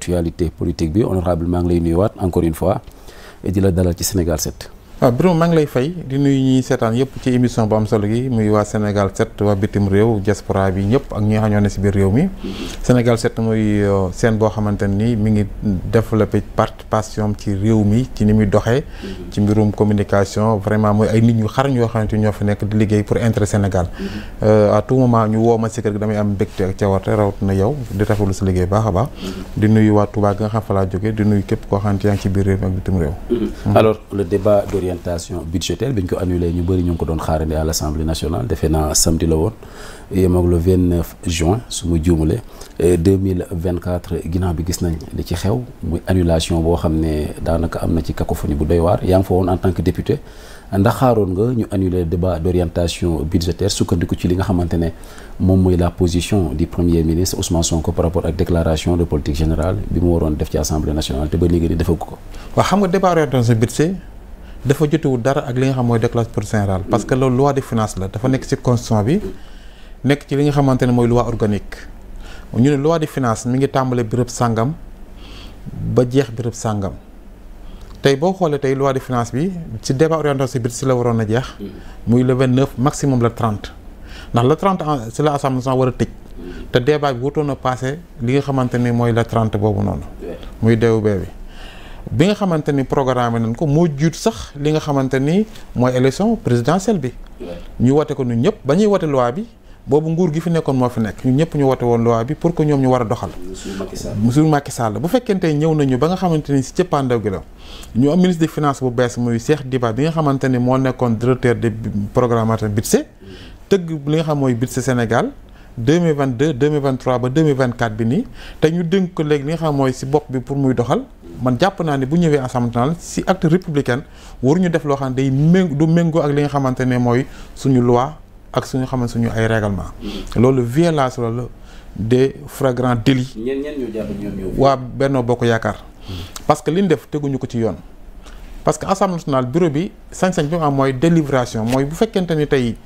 actualité politique bi honorable maa ngi lay waat encore une fois di la dalal ci Sénégal 7 waaw ah, Birame maa ngi lay fay di nuyu ñuy seetaan yëpp ci émission bu am solo gi muy waa Sénégal 7 waa bitim réew diaspora bi ñëpp ak ñi nga xam ñoo ne si mi. Sénégal 7 muy seen boo ci réew mi ci ni muy doxee. ci mbirum communication vraiment mooy ay nit ñu xarañ yoo xamante ñoo fa nekk di liggéey pour intérêt Sénégal. Euh, à tout moment ñu woo ma si kër gi damay am mbégte ak cawarte rawatina yow di rafetlu sa liggéey baax a baax. di nuyu waa Touba gi nga xam fa laa jógee di nuyu képp koo xamante yaa ngi ci biir réew mi ak bitim réew. alors orientation budgétaire bi ñu ko annulé ñu bëri ñu ko doon xaarandi à l' assemblée nationale defe naa samedi la woon yem ak le juin su ma juumalee ginnaaw bi gis nañ li ci xew muy annulation boo xam ne daanaka am na ci cacophonie bu doy waar yaa ngi fa woon en tant que député ndax xaaroon nga ñu annuler débat d' budgétaire sukkandiku ci li nga xamante ne moom mooy la position du premier ministre Ousmane Sonko par rapport ak déclaration de politique générale bi mu waroon def ci assemblée nationale te ba ko. dafa jotewul dara ak li nga xam mooy déclaration générale parce que loolu loi de finance la dafa nekk ci constitution bi nekk ci li nga xamante ne mooy loi organique ñu ne loi de finance mi ngi tàmbale bërëb sàngam ba jeex bërëb sàngam tey boo xoolee tey loi de finance bi ci débat orientation bi si la waroon a jeex muy le vingt neuf maximum le trente ndax le trente si la assemblée nationale war a tëj te débat bi wutoon a passé li nga xamante ne mooy le trente boobu noonu muy DUB bi bi nga xamante ni programme nañ ko moo jiitu sax li nga xamante ni mooy élection présidentielle bi. ñu wate ko ñun ñëpp ba ñuy wate loi bi boobu nguur gi fi nekkoon moo fi nekk ñu ñëpp ñu wate woon loi bi pour que ñoom ñu war a doxal. monsieur Macky Sall bu fekkente ñëw nañu ba nga xamante ni si cëppaandaw gi la ñu am ministre des bu bees muy Cheikh Diba bi nga xamante ni moo nekkoon directeur de programmation budget tëgg li nga xam mooy budget Sénégal. 2022 2023 ba 2024 bi nii te ñu dénk ko léegi nga xam mooy si bopp bi pour muy doxal. man jàpp naa ne bu ñëwee assemblée nationale si acte républicain ñu def loo xam ne day méng du méngoo ak li nga xamante ne mooy suñu loi ak suñu xamante suñu ay règlement mm-hmm. loolu violation la des flagrants délits. ñenn ñenn ñoo waa Benno Bokk Yaakaar. Mm-hmm. parce que li ñu def teguñu ko ci yoon. parce que assemblée nationale bureau bi sañ-sañ bi am mooy délibération mooy bu fekkente ni tey.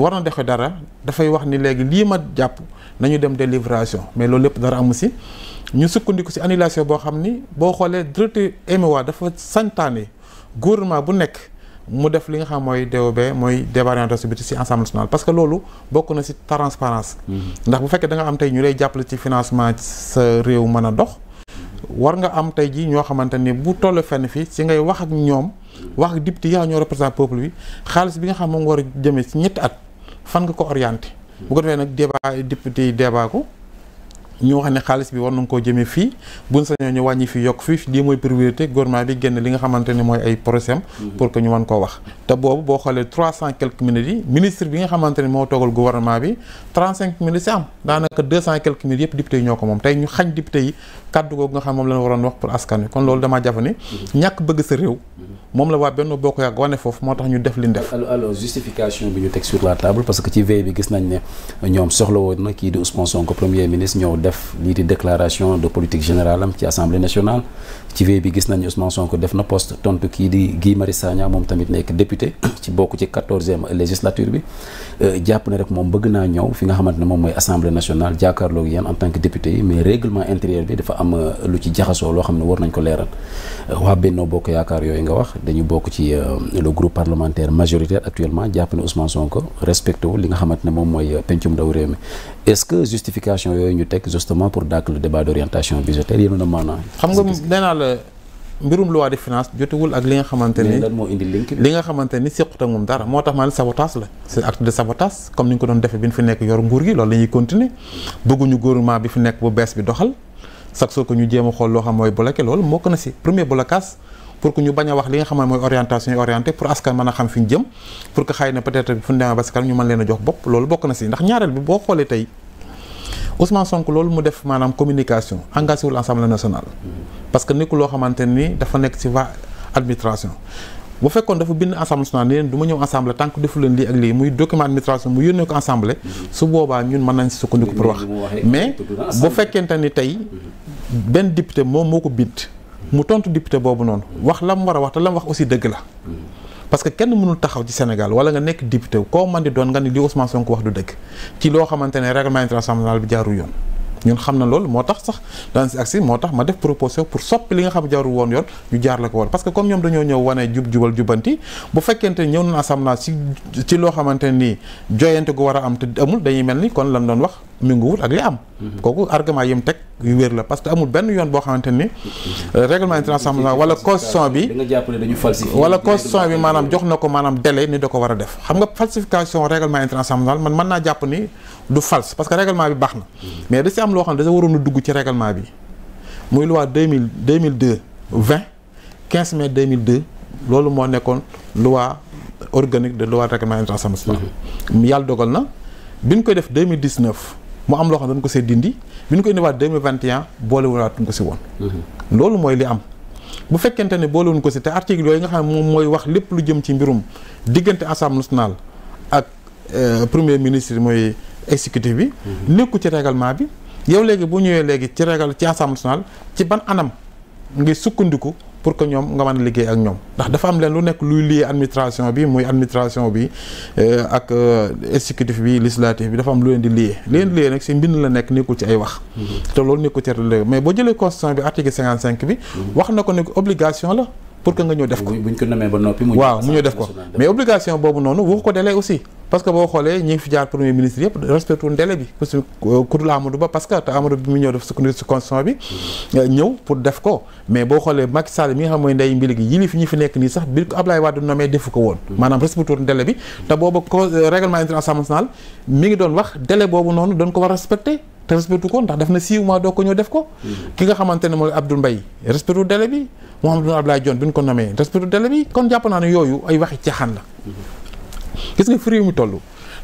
war na defe dara dafay wax ni léegi lii ma jàpp nañu dem délibération mais loolu lépp dara amu si ñu sukkandiku si annulation boo xam ni boo xoolee directeur MEWA dafa santaane gouvernement bu nekk mu def li nga xam mooy be mooy dévariantation bi si ensemble national parce que loolu bokk na si transparence mm-hmm. ndax bu fekkee da nga am tey ñu lay jàppale ci financement sa réew mën a dox war nga am tey jii ñoo xamante ni bu toll fenn fii si ngay wax ak ñoom wax ak député yaa ñoo représenté peuple bi xaalis bi nga xam moom war a jëmee si ñetti at fan nga ko orienté bu ko defee nag débat député yi débat ko ñu wax ne xaalis bi war nañ koo jëmee fii buñ sañoo ñu wàññi fii yokk fii lii mooy priorité gouvernement bi génn li nga xamante mooy ay procès mhm. pour que ñu wax te boobu boo xoolee trois cent quelques minutes yi ministre bi nga xamante ne moo toogal gouvernement bi trente cinq minutes si am daanaka deux cent quelques minutes yëpp député yi ñoo ko moom tey ñu xañ député yi kàddu googu nga xam moom la waroon wax pour askan kon loolu damaa jàpp ne mhm. ñàkk bëgg sa mhm. tax ñu def li ñu def alors justification def lii di déclaration de politique générale am ci assemblée nationale ci veille bi gis nañu Ousmane Sonko def na poste tontu kii di Guy Marius Sagna moom tamit nekk député ci bokk ci quatorzième législature bi euh, jàpp ne rek intérieur bi dafa am euh, lu ci jaxasoo loo xam ne war nañ ko leeral euh, waa Benno Bokk Yaakaar yooyu nga wax dañu bokk ci le groupe parlementaire majoritaire actuellement jàpp ne Ousmane Sonko respecté wu li nga xamante ne moom mooy pencum ndaw justement pour dàq le débat d'orientation a xam nga nee la mbirum loi de finance jotewul ak li nga xamante ni moo indi li nga xamante ni sequt ak moom dara moo tax ma ne sabotage la c'est acte de sabotage comme ni ñu ko doon defee bi ñu fi nekk yor nguur gi loolu la continuer bëgguñu gouvernement bi fi nekk bu bees bi doxal sax soo ko ñu jéem xool loo xam mooy bloqué loolu moo na si premier blocage pour que ñu bañ a wax li nga xam ne mooy orientation orienté pour askan mën a xam fi ñu pour que Ousmane Sonko loolu mu def maanaam communication engagé wul Assemblée nationale. parce que nekkul loo xamante ni dafa nekk ci va administration. bu fekkoon dafa bind assemblée nationale ne leen du ñëw assemblée tant que defu leen lii ak lii muy document administration mu yónnee ko assemblée su boobaa ñun mën nañ si sukkandiku pour wax mais bu fekkente ni tey benn député moom moo ko bind mu tontu député boobu noonu wax la mu war a wax te la mu wax aussi dëgg la parce que kenn mënul taxaw ci Sénégal wala nga nekk député koo man di doon nga ni li Ousmane Sonko wax du dëgg ci loo xamante ne règlement international bi jaarul yoon ñun xam na loolu moo tax sax daan si agsi moo tax ma def proposition pour soppi li nga xam jarul woon yoon ñu jaar la ko woon parce que comme ñoom dañoo ñëw wane jub jubal jubanti bu fekkente ni ñëw nañ assemblée si ci loo xamante nii joyante gu war a am te amul dañuy mel ni kon lan doon wax mi ngi wut ak li am mm-hmm. kooku argument yi mu teg yu wér la parce que amul benn yoon boo xamante ni euh, règlement international mm-hmm. wala constitution bi wala constitution bi maanaam jox na ko maanaam délai ni da ko war a def xam nga falsification règlement international man mën naa jàpp ni du false parce que règlement bi baax na mais da si am loo xam ne dafa waroon a dugg ci règlement bi muy loi deux mille deux mille deux vingt quinze mai deux mille deux loolu moo nekkoon loi organique de loi règlement international sport mhm. yàlla dogal na bi ñu koy def deux mille dix neuf mu am loo xam ne dañ ko see dindi bi ñu koy indiwaat deux mille vingt et un boolewulaatuñ ko si woon mhm. loolu mooy li am bu fekkente ne boolewuñ ko si te article yi nga xam ne moom mooy wax lépp lu jëm ci mbirum diggante assemblée nationale ak euh, premier ministre mooy exécutif bi. nekku ci règlement bi. yow léegi bu ñëwee léegi ci régal ci assemblée nationale ci ban anam ngay sukkandiku pour que ñoom nga man a liggéey ak ñoom ndax dafa am leen lu nekk luy lié administration bi muy administration bi euh, ak euh, exécutif bi législatif bi dafa am lu leen di lié li leen di lié nag si mbind la nekk nekkul ci ay wax mhm. te loolu nekkul ci règle mais boo jëlee constitution bi article cinquante cinq bi mhm. wax na ko ne obligation la pour que nga def ko waaw mu ñëw def ko mais obligation boobu noonu waxu ko délai aussi parce que boo xoolee ñi ngi fi jaar premier ministre yëpp respecté wuñ délai bi ku si euh, ku dul Ba parce que te bi mu ñëw def si euh, ko mais boo xoolee Macky Sall mi nga xam mooy ndey mbili nekk nii sax bi ko Ablaye Wade nommé defu ko woon mm-hmm. maanaam respecté bi te euh, ngi doon wax délai boobu noonu doon ko war respecté te respecté ko ndax def na six mois doo ko ñëw def ko mm-hmm. ki nga xamante ne mooy Abdoul Mbaye respecté délai bi Mouhamadou Abdoulaye Dione bi ñu ko nommé respecté délai bi kon jàpp naa ne yooyu ay waxi caaxaan la mm-hmm. gis nga fi réew mi toll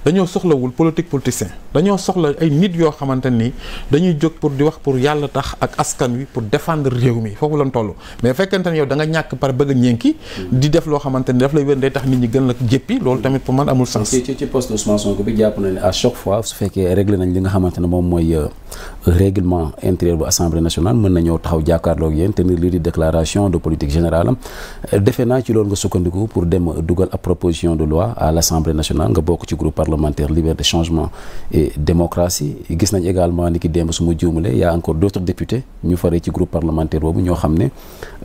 dañoo soxlawul politique politicien dañoo soxla ay nit yoo xamante ni dañuy jóg pour di wax pour yàlla tax ak askan wi pour défendre réew mi foofu lañ toll mais fekkente ne yow da nga ñàkk par bëgg a ñeenki di def loo xamante ni daf lay wér day tax nit ñi gën la jéppi loolu tamit pour man amul sens. ci ci poste Ousmane bi jàpp na ne à chaque fois su fekkee réglé nañ li nga xamante ne moom mooy euh, règlement intérieur bu assemblée nationale mën na ñëw taxaw jàkkaarloog yéen tenir lii di déclaration de politique générale defe naa ci loolu nga sukkandiku pour dem dugal ab proposition de loi à l' nationale nga bokk ci groupe parlementaire liberté changement et démocratie gis nañ également ni ki démb su ma juumale encore d' autres députés ñu faree ci groupe parlementaire boobu ñoo xam ne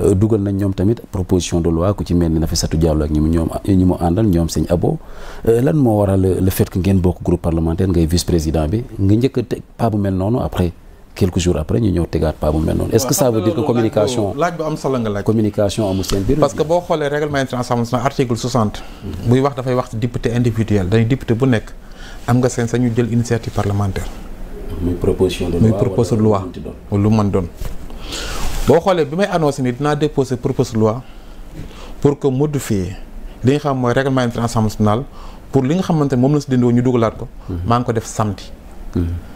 euh, dugal nañ ñoom tamit proposition de loi ku ci quelques jours après ñu ñëw tegaat pas bu mel noonu. est-ce que ça veut dire que communication laaj bu am solo nga laaj. communication amul seen parce que boo xoolee règlement intérieur Assemblée nationale buy wax dafay wax député individuel dañuy député bu nekk am nga seen sañu jël initiative parlementaire. muy proposition de loi muy lu mën doon. boo xoolee bi may annoncé ni dinaa déposer proposition de loi pour que modifier li nga xam mooy règlement intérieur Assemblée nationale pour li nga xamante moom la si dindi woon ñu dugalaat ko. Mm-hmm. maa ngi ko def samedi. Mm-hmm.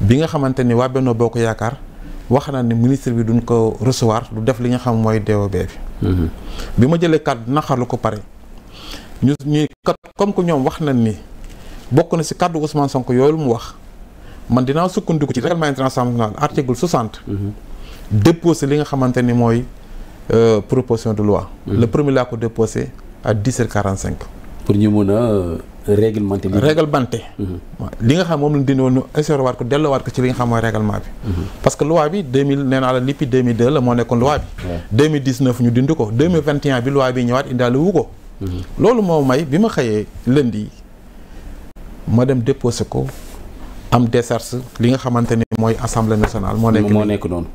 bi nga xamante ni waa Benno Bokk Yaakaar wax na ne ministre bi duñ ko recevoir lu def li nga xam mooy DOB bi. Mhm. bi ma jëlee kàddu naqarlu ko pare ñu ñuy kat comme que ñoom wax nañ ni bokk na si kàddu Ousmane sonk yooyu mu wax man dinaa sukkandiku ci règlement international article 60. Mhm. déposé li nga xamante ni mooy euh, proposition de loi. Mhm. le premier laa ko déposé à 10 h cinq pour ñu mun a. Euh, réglementé réglementé mm-hmm. li nga xam moom lañ dindi woon instauré waat ko delloowaat ko ci li nga xam mooy règlement bi mm-hmm. parce que loi bi 2000 nee naa la lippi 2002 la moo nekkoon loi bi 2019 ñu dindi ko 2021 bi loi bi ñëwaat indaale ko mm-hmm. loolu moo may bi ma xëyee lundi ma dem déposé ko am décharge li nga xamante ni mooy assemblée nationale moo nekk moo nekk noonu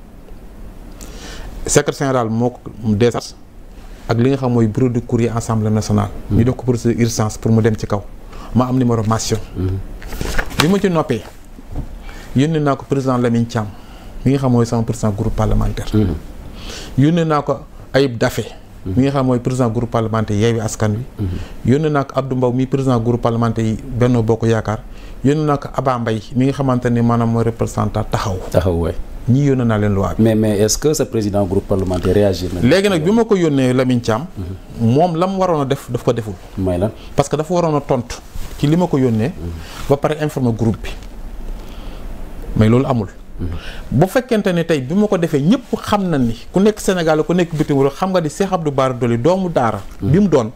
secrétaire général moo ko décharge ak li nga xam mooy bureau du courrier assemblée nationale ñu def ko procédure urgence pour mu dem ci kaw ma am numéro mention bi ma ci noppee yónnee naa ko président Lamine Thiam mi nga xam mooy cent pour cent groupe parlementaire yónnee naa ko Ayib Daffé mi nga xam mooy président groupe parlementaire Yewwi Askan Wi yónnee naa ko Abdou Mbow mi président groupe parlementaire yi Benno Bokk Yaakaar yónnee naa ko Aba Mbaye mi nga xamante ne maanaam mooy représentant taxaw taxaw waay ñii yónnee naa leen loi bi mais mais est-ce que sa président groupe parlementaire réagir na léegi nag bi ma ko yónnee Lamine Thiam moom la mu waroon a def daf ko deful mooy lan ci li ma ko yónnee. ba pare informer group bi mais loolu amul. bu fekkente ne tey bi ma ko defee ñëpp xam na ni ku nekk Sénégal ku nekk bitim réew xam nga ni Cheikh Abdou Bara Dolly doomu daara. bi mu doon.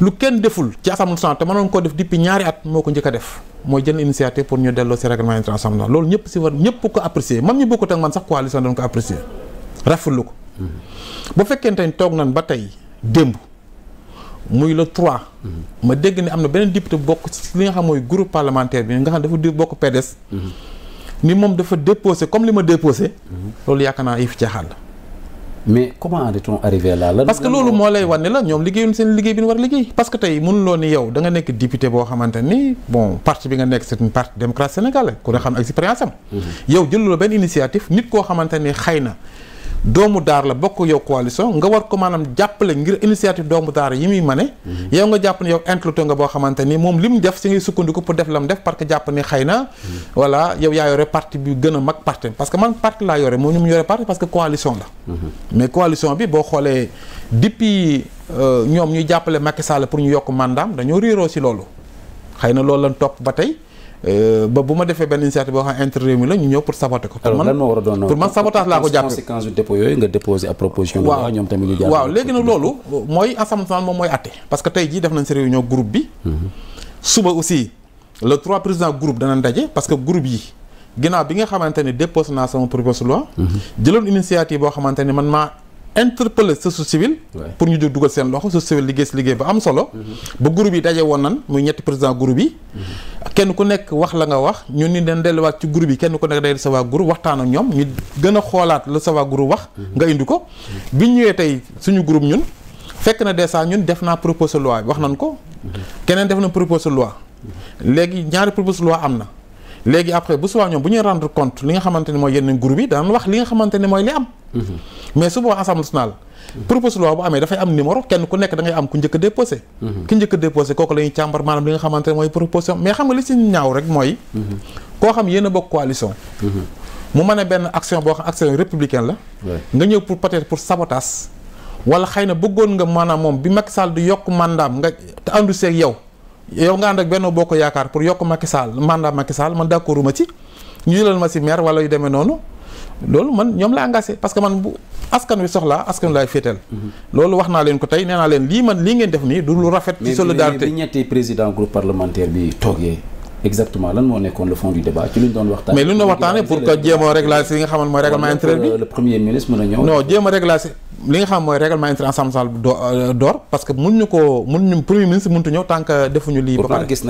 lu kenn deful ci assemblée nationale te mënoon koo def depuis ñaari at moo ko njëkk def mooy jël initiative pour ñu delloo si règlement intérieur assemblée nationale loolu ñëpp si war ñëpp ko apprécier mam ñu bokkut ak man sax coalition doon ko apprécier rafetlu ko. Hmm. bu fekkente ni toog nañ ba tey démb. muy le 3. ma dégg ne am na beneen député bokk ci li nga xam mooy groupe parlementaire bi nga xam dafa di bokk PDS. ni moom dafa déposé comme li ma déposé. loolu yaakaar naa yëf caaxaan la. mais comment est-on arrivé là la parce que loolu moo lay wan ne la ñoom liggéeyuñ seen liggéey bi ñu war a liggéey. parce que tey mënuloo ni yow da nekk député boo xamante ni bon parti bi nga nekk c'est parti démocratie sénégalaise ku ne xam expérience am. Mm-hmm. yow jëluloo benn initiative nit koo xamante ni xëy na. doomu daar la bokk yow coalition nga war ko maanaam jàppale ngir initiative doomu daar yi muy mane mhm. yow nga jàpp ne yow incluté nga boo xamante ni moom li mu def si ngay sukkandiku pour def la mu def parce que jàpp ne xëy na mhm. voilà yow yaa yore parti bi gën a mag parti parce que man parti laa yore moo ñu mu yore parti parce que coalition la mhm. mais coalition bi boo xoolee depuis euh, ñoom ñuy jàppale Macky Sall pour ñu yokk mandaam dañoo réeroo si loolu xëy na loolu lañ topp ba tey Euh, ba bu ma defee benn initiative boo xam ne mi la ñëw pour saboter ko. a doon pour man sabotage laa ko jàppee yooyu nga déposé à proposition. de waaw léegi nag loolu mooy assemblée nationale moom mooy àtte. parce que tey jii def nañ si réunion groupe bi. Mhm. suba aussi le trois présidents groupe dana ndaje parce que groupe yi. ginnaaw bi nga xamante ne naa sama proposition de loi. Mhm. initiative boo xamante man maa. interpeller société civile pour ñu jóg dugal seen loxo société civile liggéey si liggéey ba am solo mhm. ba groupe yi daje woon nan muy ñetti président groupe yi mhm. kenn ku nekk wax la nga wax ñun ni den delluwaat ci groupe yi kenn ku nekk day sa waa groupe waxtaan ak ñoom ñu gën a xoolaat la sa group wax mhm. nga indi ko bi ñëwee tey suñu groupe ñun fekk na dèjà ñun def naa proposé loi wax nan ko keneen def na proposé loi léegi ñaari proposé loi am na léegi après bu subaa ñoom bu ñuy rendre compte li nga xamante ne mooy yenn groupe yi danañ wax li nga xamante ne mooy li am. Mhm. mais su boobaa assemblée nationale. proposition bu amee dafay am numéro kenn ku nekk da ngay am ku njëkk a déposé. Mhm. ki njëkk a déposé kooku la ñuy càmbar maanaam li nga xamante ne mooy proposition mais xam nga li ci ñaaw rek mooy. Mhm. koo xam yéen a bokk coalition. mu mën a benn action boo xam action républicaine la. nga ñëw pour peut-être pour sabotage. wala xëy na bëggoon nga maanaam moom bi Macky Sall di yokk mandaam nga te àndu yow. yow nga ànd ak Benno Bokk Yaakaar pour yokk Macky Sall mandat Macky Sall man d'accordu ci ñu jëlal ma si maire wala yu demee noonu loolu man ñoom laa engagé parce que man bu askan wi soxlaa askan laay féetal. Mhm. loolu wax naa leen ko tey nee naa leen lii man lii ngeen def nii du lu rafet. ci solidarité mais lu ñu doon waxtaanee. pour que jéem a réglage li nga xamal mooy règlement intérieur bi. le premier ministre mën a li nga xam mooy règlement intérieur ensemble sal euh, d'or parce que mun ñu ko mun ñu premier ministre mënut ñëw tant que defuñu lii ba pare